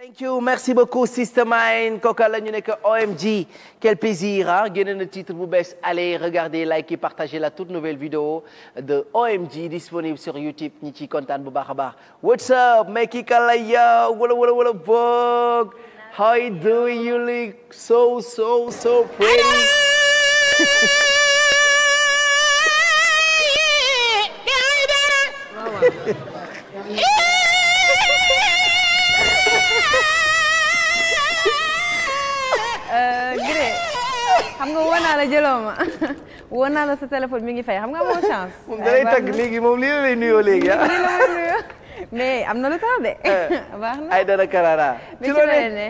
thank merci beaucoup Sister Mine kooka la ñu nekk OMG quel plaisir ah titre bu bees allez regardez likez partagez la toute nouvelle vidéo de OMG disponible sur YouTube ñi ci kontaan bu baax a baax what's up Mekki Kalla wala wala wala boog how so so xam nga woo naa la jëloo ma woo naa la sa téléphone mi ngi fay xam nga amoo chance. moom da lay tagg léegi moom lii la lay nuyoo léegi ah. lii la am na lu tax euh, na ay dara karara. ci loolu ne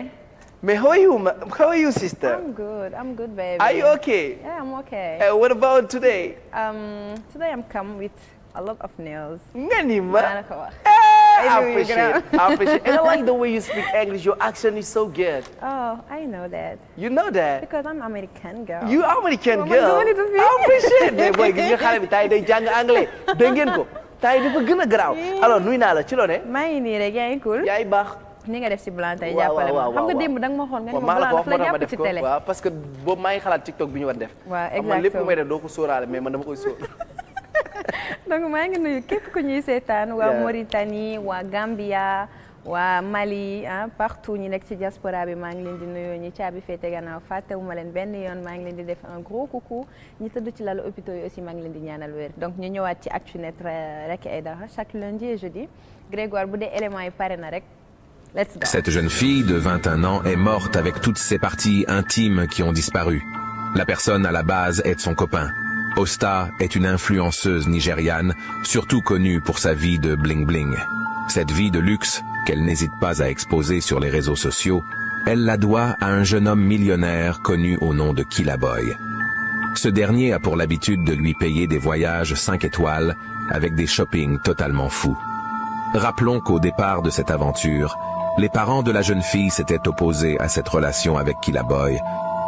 mais how are you ma how are you sister. I'm good I'm good you okay? Uh, what about today? Um, today I'm come with a lot of news. nga ni ma. I appreciate I appreciate And I like the way you speak English. Your accent is so good. Oh, I know that. You know that. because I'm American girl. you American girl. ma doon it I appreciate mais booy gis nga xale bi tay day jàng anglais dégg ngeen ko tay dafa gën a garaaw. alors nuy naa la ci loonee. maa ngi nii rek yaay cool. yaay baax. ni nga def ci blanc tey jàppale ma xam nga démb danga ma xool nga ni ma blanc dafa la jàpp ci télé. waaw parce que boobu maa ngi xalaat TikTok bi ñu war def. waaw exactement man lépp may def doo ko sóoraale mais man dama koy sóor. donc maa ngi nuyu képp ku ñuy seetaan waa Mauritanie waa Gambia waa Mali ah partout ñi nekk ci diaspora bi maa ngi leen di nuyu ñi caabi féete gannaaw fàttewuma leen benn yoon maa ngi leen di def un gros coucou ñi tëdd ci lal hôpitaux yi aussi maa ngi leen di ñaanal wér donc ñu ñëwaat ci Actunet euh, rek ay dara chaque lundi et jeudi Grégoire bu dee éléments yi pare na rek let's go. Cette jeune fille de 21 ans est morte avec toutes ses parties intimes qui ont disparu. Osta est une influenceuse nigériane, surtout connue pour sa vie de bling-bling. Cette vie de luxe, qu'elle n'hésite pas à exposer sur les réseaux sociaux, elle la doit à un jeune homme millionnaire connu au nom de Killaboy. Ce dernier a pour l'habitude de lui payer des voyages 5 étoiles avec des shoppings totalement fous. Rappelons qu'au départ de cette aventure, les parents de la jeune fille s'étaient opposés à cette relation avec Killaboy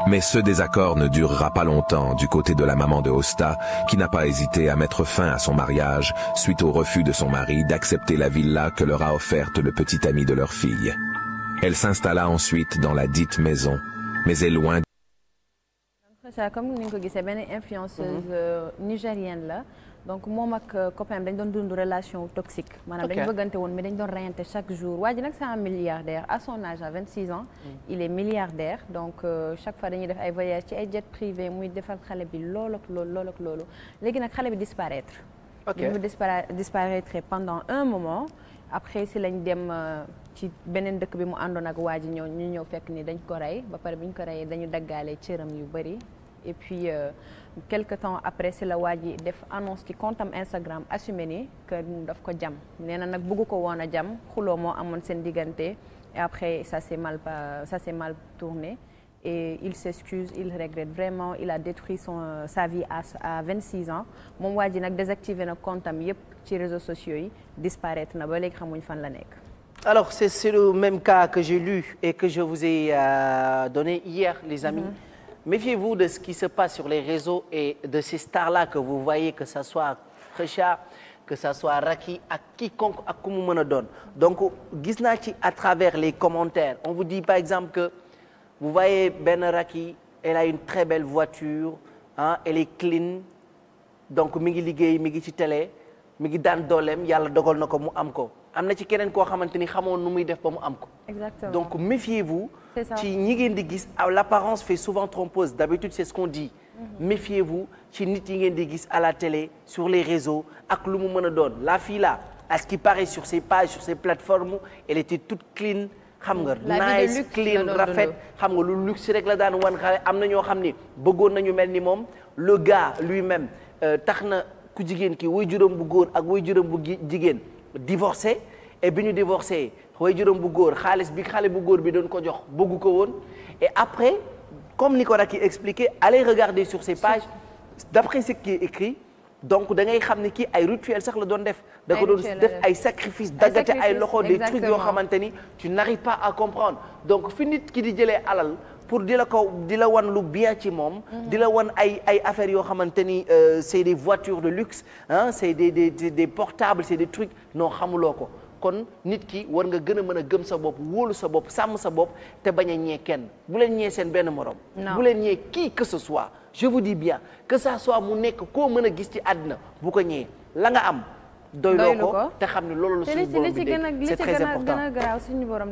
Mais ce désaccord ne durera pas longtemps du côté de la maman de Hosta, qui n'a pas hésité à mettre fin à son mariage suite au refus de son mari d'accepter la villa que leur a offerte le petit ami de leur fille. Elle s'installa ensuite dans la dite maison, mais est loin donc moom ak euh, copain dañ doon dund relation toxique maanaam dañu bëggante woon mi dañ doon reyante chaque jour waa ji nag c'est un milliardaire à son âge à 26 ans mm. il est milliardaire donc euh, chaque fois dañuy def ay voyage ci ay jet privé muy defal xale bi loolu ak loolu loolu ak loolu léegi nag xale bi disparaître li mu disparaître pendant un moment après si lañ dem euh, ci beneen dëkk bi mu àndoon nag waa ji ñëw ñu ñëw fekk ni dañ ko rey ba pare bi ñu ko reyee dañu daggaale cëram yu bëri quelque temps après si la waa ji def annonce ci compte am Instagram assumé ni que daf ko jam nee na nag bëgg ko woon a jam xuloo moo amoon seen diggante et après ça s'est mal ça s'est mal tourné et il s'excuse il regrette vraiment il a détruit sa vie à à 26 ans moom waa ji nag désactivé nag compte am yépp ci réseau sociaux yi disparaître na ba léegi xamuñ fan la nekk. alors c'est le même cas que j'ai lu et que je vous ai euh, donné hier les amis. Mm-hmm. Méfiez-vous de ce qui se passe sur les réseaux et de ces stars-là que vous voyez, que ce soit Kheucha, que ça soit Racky ak quiconque ak ku mu mën a doon donc gis naa ci à travers les commentaires on vous dit par exemple que vous voyez benn Racky elle a une très belle voiture ah elle est clean donc mi ngi liggéey mi ngi ci télé mi ngi daan dooleem yàlla dogal na ko mu am ko am na ci keneen koo xamante ni xamoon nu muy def ba mu am ko. exactement donc méfiez-vous. ci ñi ngeen di gis à ah, l'apparence fait souvent trompeuse d'habitude c'est ce qu'on dit. Mhm. méfiez-vous ci nit yi ngeen di gis à la télé sur les réseaux ak lu mu mën a doon la fille là à ce qui paraît sur ses pages sur ses plateformes elle était toute clean. xam nga nice clean rafet xam nga lu luxe rek la daan wan xale am na ñoo xam ni bëggoon nañu mel ni moom le gars lui-même euh, tax na ku jigéen ki way juróom bu góor ak way juróom bu jigéen divorcé et bi ñu divorcé way juróom bu góor xaalis bi xale bu góor bi doon ko jox bëggu ko woon et après comme ni ko Racky expliqué allez regarder sur ces pages d'après ce qui est écrit donc da ngay xam ni kii ay rituel sax la doon def da ko doon def ay sacrifice daggate ay loxo des trucs yoo xamante ni tu n'arrives pas à comprendre donc fi nit ki di jëlee alal pour di la ko di la wan lu bien ci moom. Mhm. di la wan ay ay affaires yoo xamante ni euh, c'est de voitures de luxe ah c'est des des des portables c'est des trucs noo xamuloo ko kon nit ki war nga gën a mën a gëm sa bopp wóolu sa bopp sàmm sa bopp te bañ a ñee kenn bu leen ñee seen benn morom. bu leen ñee kii que ce soit. je vous dis bien que ça soit mu nekk koo mën a gis ci àddina bu ko ñee la nga am. doyloo ko te xam ne loolu la suñu borom bi dégg c'est li ci gën a suñu borom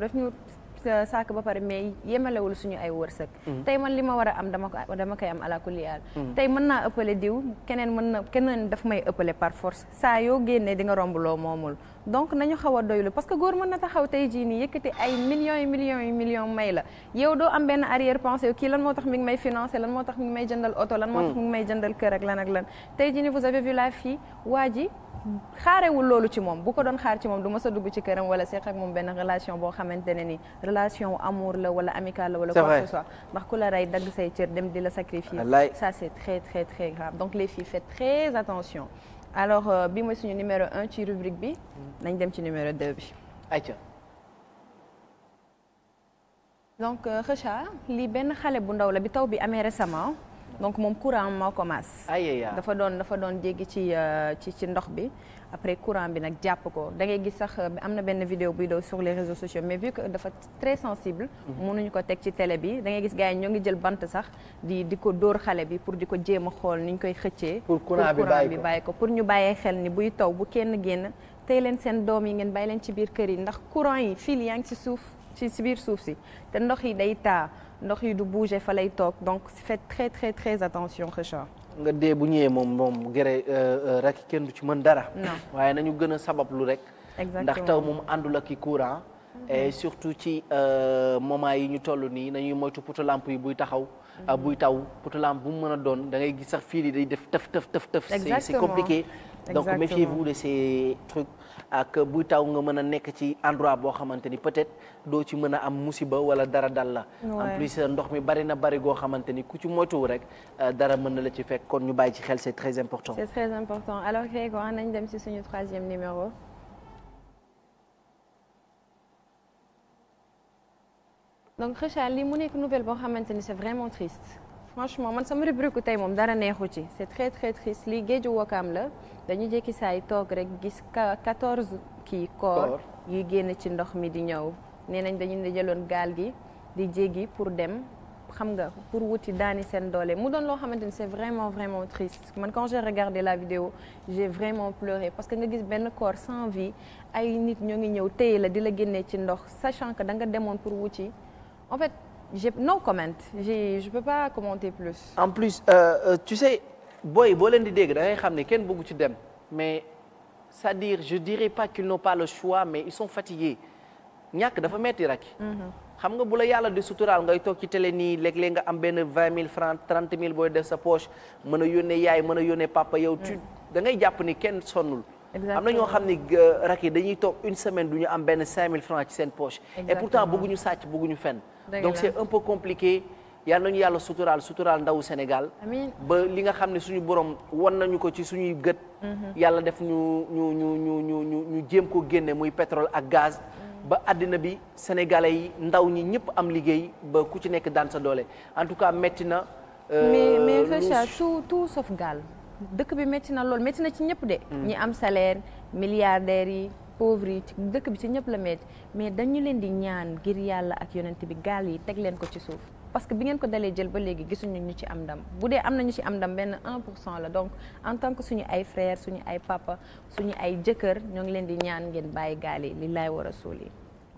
saako ba pare mais yemalewul suñu ay wërsëg. Mm. tey man li ma war a am dama ko dama koy am ala kulli aal. Mm. tey mën naa ëppale diw keneen mën na keneen daf may ëppale par force saa yoo génnee di nga romb loo moomul. donc nañu xaw doylu parce que góor mën na taxaw tey jii nii yëkkati ay millions yi million yu millions may la yow doo am benn arrière pensée kii lan moo tax mi ngi may financé lan moo tax mi ngi may jëndal oto. lan moo mm. tax mi ngi may jëndal kër ak lan ak lan tey jii nii vous xaarewul loolu ci moom bu ko doon xaar ci moom du ma a dugg ci këram wala seq ak moom benn relation boo xamante ne ni relation amour la wala amicale la wala quoi que ce ndax ku la ray dagg say cër dem di la sacrifier sa c'est très très très grave donc les filles faites très attention alors euh, bi mooy suñu numéro un ci rubrique bi mm. nañ dem ci numéro deux bi donc euh, Kheucha li benn xale bu ndaw la bi taw bi amee récemment donc moom courant moo ko maas dafa doon dafa doon jéggi ci euh, ci ci ndox bi après courant bi nag jàpp ko dangay gis sax euh, am na benn vidéo buy daw sur les réseaux sociaux mais vu que dafa très sensible mhm. mënuñu ko teg ci télé bi da ngay gis gars yi ñoo ngi jël bant sax di di ko dóor xale bi pour di ko jéem a xool ni ñu koy xëccee pour courant bi bàyyi ko pour ñu bàyyee xel ni buy taw bu kenn génn tey leen seen doom yi ngeen bàyyi leen ci biir kër yi ndax courant yi fil yaa ngi ci suuf ci si biir suuf si te ndox yi day taa ndox yi du bouger fa lay toog donc faites très très très attention Richard. nga dee bu ñëwee moom moom gere euh, euh, rek kenn du ci mën dara. waaye nañu gën a sabablu rek. ndax taw moom àndul ak i courant. e surtout ci euh, moment yi ñu toll nii nañuy moytu poto lamp yi buy taxaw. Ah, buy taw potolam bu mu mën a doon da gis sax fii li def tëf tëf tëf tëf compliqué donc méfiez-vous de ces trucs ak buy taw nga mën a nekk ci endroit boo xamante ni peut-être doo ci mën a am musiba wala dara dal la en plus ndox mi bari na bari goo xamante ni ku ci moytuwu rek euh, dara mën na la ci fekk kon ñu bàyyi ci xel c'est très important c'est très important alors Grégoire nañ dem ci suñu troisième numéro donc Kheucha lii mu nekk nouvelle boo xamante ni c'est vraiment triste franchement man sama rubrique tey moom dara neexu ci c'est très très triste lii géeju wokkaam la dañu jékki saay toog rek gis quatorze kii koor yuy génn ci ndox mi di ñëw nee nañ dañu ne jëloon gaal gi di jéggi pour dem xam nga pour wuti daani seen doole mu doon loo xamante ni c'est vraiment vraiment triste man quand j'ai regardé la vidéo j'ai vraiment pleuré parce que nga gis benn corps sans vie ay nit ñoo ngi ñëw téye la di la génnee ci ndox sachant que da nga demoon pour wuti en fait j'ai non comment j'ai je peux pas commenter plus. en plus euh, euh, tu sais booy boo leen di dégg da ngay xam ne kenn bëggu ci dem mais c'est-à-dire je dirais pas qu'ils n'ont pas le choix mais ils sont fatigués ñàkk dafa metti rek. Mhm. xam nga bu la yàlla de suturaal ngay toog ci télé nii léeg-léeg nga am benn vingt mille francs trente mille booy def sa poche mën a yónnee yaay mën a yónnee papa yow. tu mm. da ngay jàpp ni kenn sonnul. am na ñoo xam ne euh, rak yi dañuy toog une semaine du ñu am benn 5000 francs ci seen poche. et pourtant bëgguñu sàcc bëgguñu fenn. donc c'est un peu compliqué. yal nañu yàlla suturaal suturaal ndawu Sénégal. ba li nga xam ne suñu borom won nañu ko ci suñuy gët. Mhm. yàlla def ñu ñu ñu ñu ñu ñu ñu jéem ko génne muy pétrole ak gaz. Mhm. ba àddina bi sénégalais yi ndaw ñi ñëpp am liggéey ba ku ci nekk daan sa doole en tout cas métti na. Euh, mais mais Kheucha tout tout sauf gaal dëkk bi métti na lool métti na ci ñëpp de. Mm. ñi am salaire milliardaires yi pauvres yi dëkk bi ci ñëpp la métti mais dañu leen di ñaan ngir yàlla ak yonent bi gaal yi teg leen ko ci suuf. parce que bi ngeen ko dalee jël ba léegi gisuñu ñu ci am ndam bu dee am nañu ci am ndam benn 1 pour la donc en tant que suñu ay frère suñu ay papa suñu ay jëkkër ñoo ngi leen di ñaan ngeen bàyyi gaal yi li laay war a suul yi.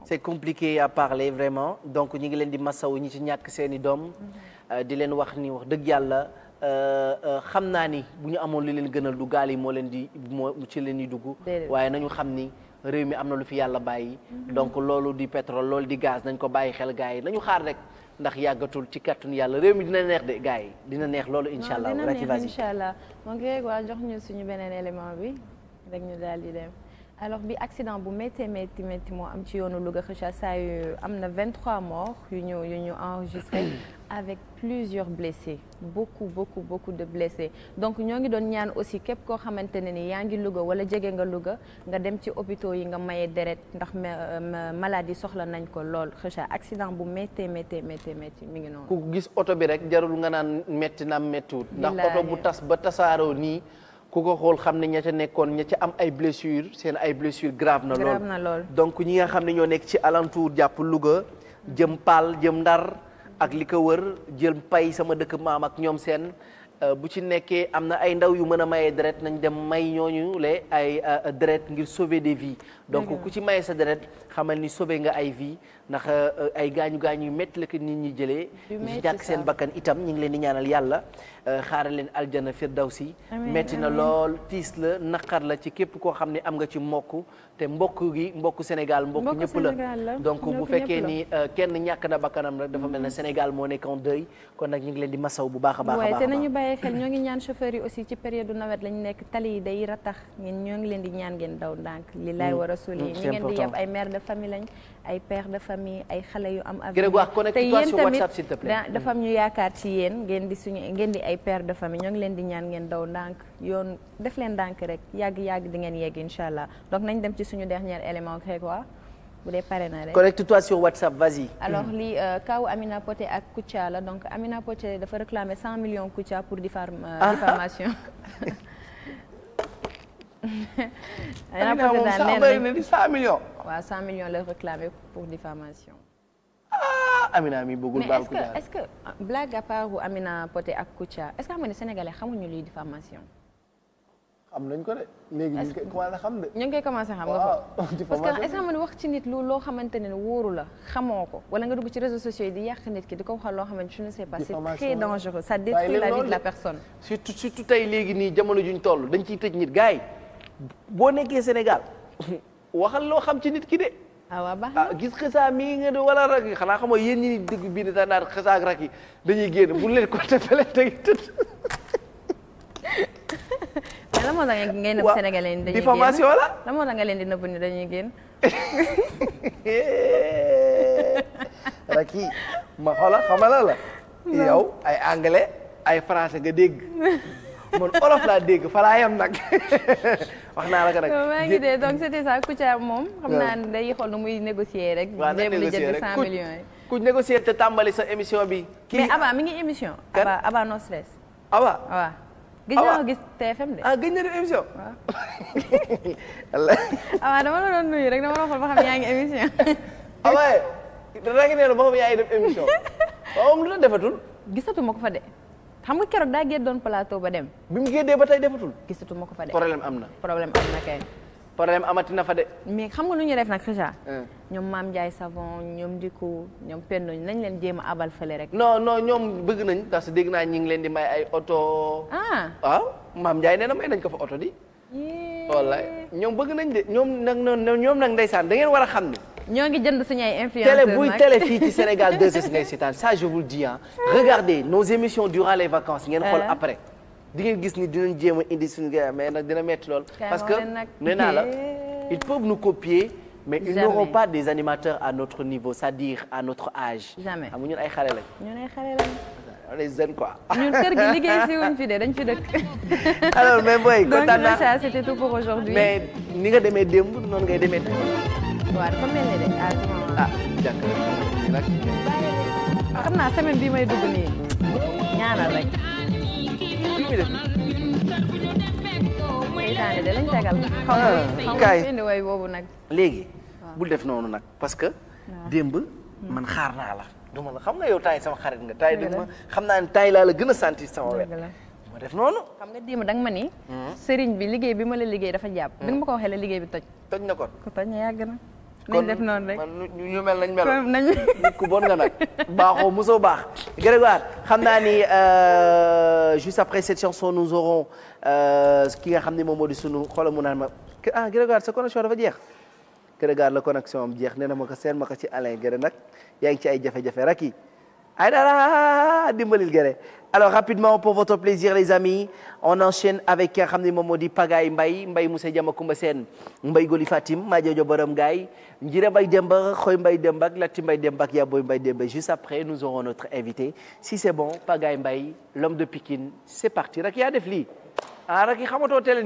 c'est compliqué à parler vraiment donc ñu ngi leen di masawu ñi ñàkk seeni doom. Mm-hmm. Euh, di leen wax ni wax dëgg yàlla. Euh, euh, xam naa ni bu ñu amoon lu leen gënal du gaal yi moo leen di moo ci leen di dugg. waaye nañu xam ni réew mi am na lu fi yàlla bàyyi. Mm-hmm. donc loolu di pétrole loolu di gaz nañ ko bàyyi xel gars yi nañu xaar rek ndax yàggatul ci kàttanu yàlla réew mi dina neex de gars yi dina neex loolu incha allah. dina neex incha allah moom Grégoire ñu suñu beneen élément bi rek ñu daal di dem. alors bi accident bu métti métti métti moo am ci yoonu Louga Kheucha saa yu am na 23 morts yu ñu yu ñu enregistré. avec plusieurs blessés beaucoup beaucoup beaucoup de blessés donc ñoo ngi doon ñaan aussi képp koo xamante ne ni yaa ngi Louga wala jege nga Louga nga dem ci hôpitaux yi nga maye deret ndax maladie soxla nañ ko lool xëcha accident bu méttee méttee méttee métti mi ngi noonu. ku gis oto bi rek jarul nga naan métti naam méttiwut. ndax oto bu tas ba tasaaroo nii. ku ko xool xam ne ña ca nekkoon ña ca am ay blessures seen ay blessures grave na lool. grave na lool donc ñi nga xam ne ñoo nekk ci alentour jàpp Louga jëm Paal jëm Ndar. ak li ko wër jël pay sama dëkk maam ak ñoom seen euh, bu ci nekkee am na ay ndaw yu mën a mayee deret nañ dem may ñooñu le ay euh, deret ngir sauver des vies donc ku ci maye sa deret xamal ni sauver nga ay vies ndax euh, ay gaañu gaañu yu métti la ko nit ñi jëlee ñi ñàkk seen bakkan itam ñu ngi leen di ñaanal yàlla xaaral leen aljana firdawsi métti na lool tiis la naqar la ci képp koo xam ne am nga ci mokk te mbokk gi mbokk Sénégal mbokk ñëpp la donc bu fekkee ni euh, kenn ñàkk na bakkanam rek dafa mel ne Sénégal moo nekk en deuil kon nag ñu ngi leen di masaw bu baax a baax waaye te nañu bàyyi xel ñoo ngi ñaan chauffeur yi aussi ci période nawet lañu nekk tali yi day ratax ñun ñoo ngi leen di ñaan ngeen daw ndànk li laay war a soli ñi ngeen di yab ay mère de famille lañ ay père de famille ay xale yu am avenir te yéen tamit dafa am ñu yaakaar ci yéen ngeen di suñu ngeen di ay père de famille ñoo ngi leen di ñaan ngeen daw ndànk yoon def leen ndànk rek yàgg-yàgg di ngeen yegg incha allah donc nañ dem ci suñu dernier élément Grégoire bu dee pare na rek connecte-toi sur WhatsApp vas-y. alors li euh, kaw Amina Poté ak Koutia la donc Amina Poté dafa réclamer 100 millions Koutia pour diffam euh, ah. diffamation. Amina Poté daal nee 100 pour diffamation. Ah, Amina mi bëggul baax Koutia mais est-ce que est-ce que blague à part Amina Poté ak Koutia est-ce que xam nga ne xam nañ ko de léegi ñu ngi koy commencé xam de. ñu ngi koy commencé xam nga foofu parce que est-ce que man wax ci nit lu loo xamante ne wóoru la xamoo ko wala nga dugg ci réseaux sociaux yi di yàq nit ki di ko waxal loo xamante je ne sais pas c'est très dangereux ça détruit la vie de la personne. surtout surtout tey léegi nii jamono juñ toll dañ ciy tëj nit gars yi boo nekkee Sénégal waxal loo xam ci nit ki de. ah waaw baax na ah, gis xasaa mii nga de wala rak yi xanaa xam nga yéen ñi dëgg bii ne daan naan xasaa ak rak yi dañuy génn bu leen ko tëppalee tëj mais lan moo tax ngay nëbb sénégalais yi dañuy génn diffamation la lan moo tax nga leen di nëbb ni dañuy génn. raki ma xoola xamala la. yow ay anglais ay français nga dégg. man olof laa dégg fa laa nag wax naa la ko nag. maa ngi dee donc c'était ça Kouthia moom. xam naa ne day xool nu muy négocier rek. waaw na négocier rek cent millions négocier te tàmbali sa émission bi. kii mais Aba mi ngi émission. Aba Aba no Aba gis naa ko gis TFM de. ah a na def émission. waaw dama rek dama la xool ba xam yaa ngi émission. waaye danaa yaa émission waaw lu la defatul. gisatu ma ko fa de xam nga keroog daa géej doon plateau ba dem. bi mu géejee ba tey defatul. gisatu ma ko fa de. problème am na. problème am na kay. problème amati na fa de. mais xam nga lu ñu def nag Kheucha. ñoom Maam Ndiaye Savon ñoom Diko ñoom Pendo nañ leen jéem a abal fële rek. no non ñoom bëgg nañ parce que dégg naa ñi ngi leen di may ay oto. ah waaw ah, Maam Ndiaye nee na may nañ ko fa oto di. wallaay ñoom bëgg nañ ñoom nag ñoom nag ndeysaan da ngeen war a xam ni. ñoo ngi jënd suñu ay influenceurs télé buy télé fii ci Sénégal 2S ngay seetaan ça je vous le dis ah. regardez nos émissions durant les vacances ngeen ah. xool après. di ngeen gis ni dinañ jéem a indi suñu gars mais nag dina metti lool. parce que nee naa la ils peuvent nous copier. mais ils n'auront pas des animateurs à notre niveau c'est-à-dire à notre âge. jamais xam ñun ay xale lañ. ñun ay xale lañ. on est jeunes quoi. ñun kër gi liggéey si wuñ fi de dañ fi dëkk. alors mais booy kontaan naa donc ça c'était tout pour aujourd'hui mais ni nga demee démb noonu ngay demee tey. waaw dafa mel ni de ah si maman. ah jàkkaarloo nag. xam naa semaine bii may dugg nii ñaanal rek. muy def. seytaane de lañ tegal. Ah. nag. léegi ah. bul def noonu nag parce que. Ah. démb man xaar naa la. du ma xam nga yow taay sama xarit nga. taay dëgg ma xam naa ne taay laa la gën a sentir sama wet. ma def xam nga démb danga ma ni. Hmm. sëriñ bi liggéey bi ma la liggéey dafa jàpp. danga ma ko waxee liggéey bi toj. toj na kon ku toj na yàgg na. nañ def noonu rek kon ñu mel nañ meloon nañu nit ku bon nga nag baaxoo mosoo baax. Grégoire xam naa ni euh, juste après cette chanson nous aurons euh, ki nga xam ne moom moo di sunu xoolal mu naan ma ah Grégoire sa connexion dafa jeex. Grégoire la connexion am jeex nee na ma ko seen ma ko ci Alain Géré nag yaa ngi ci ay jafe-jafe rek yi ay dara ah, ah, ah, dimbalil Géré alors rapidement pour votre plaisir les amis on enchaîne avec ki nga xam ne moom moo di Pagaye Mbaye Mbaye Moussa Diama Koumba Sène Mbaye Goli Fatim Madiodio Borom Gaye Njire Mbaye Demba Xoy Mbaye Demba ak Lati Mbaye Demba ak Yaboy Mbaye Demba juste après nous aurons notre invité si c'est bon Pagaye Mbaye l'homme de Pikine c'est parti rak yaa def lii ah rak yi xamatoo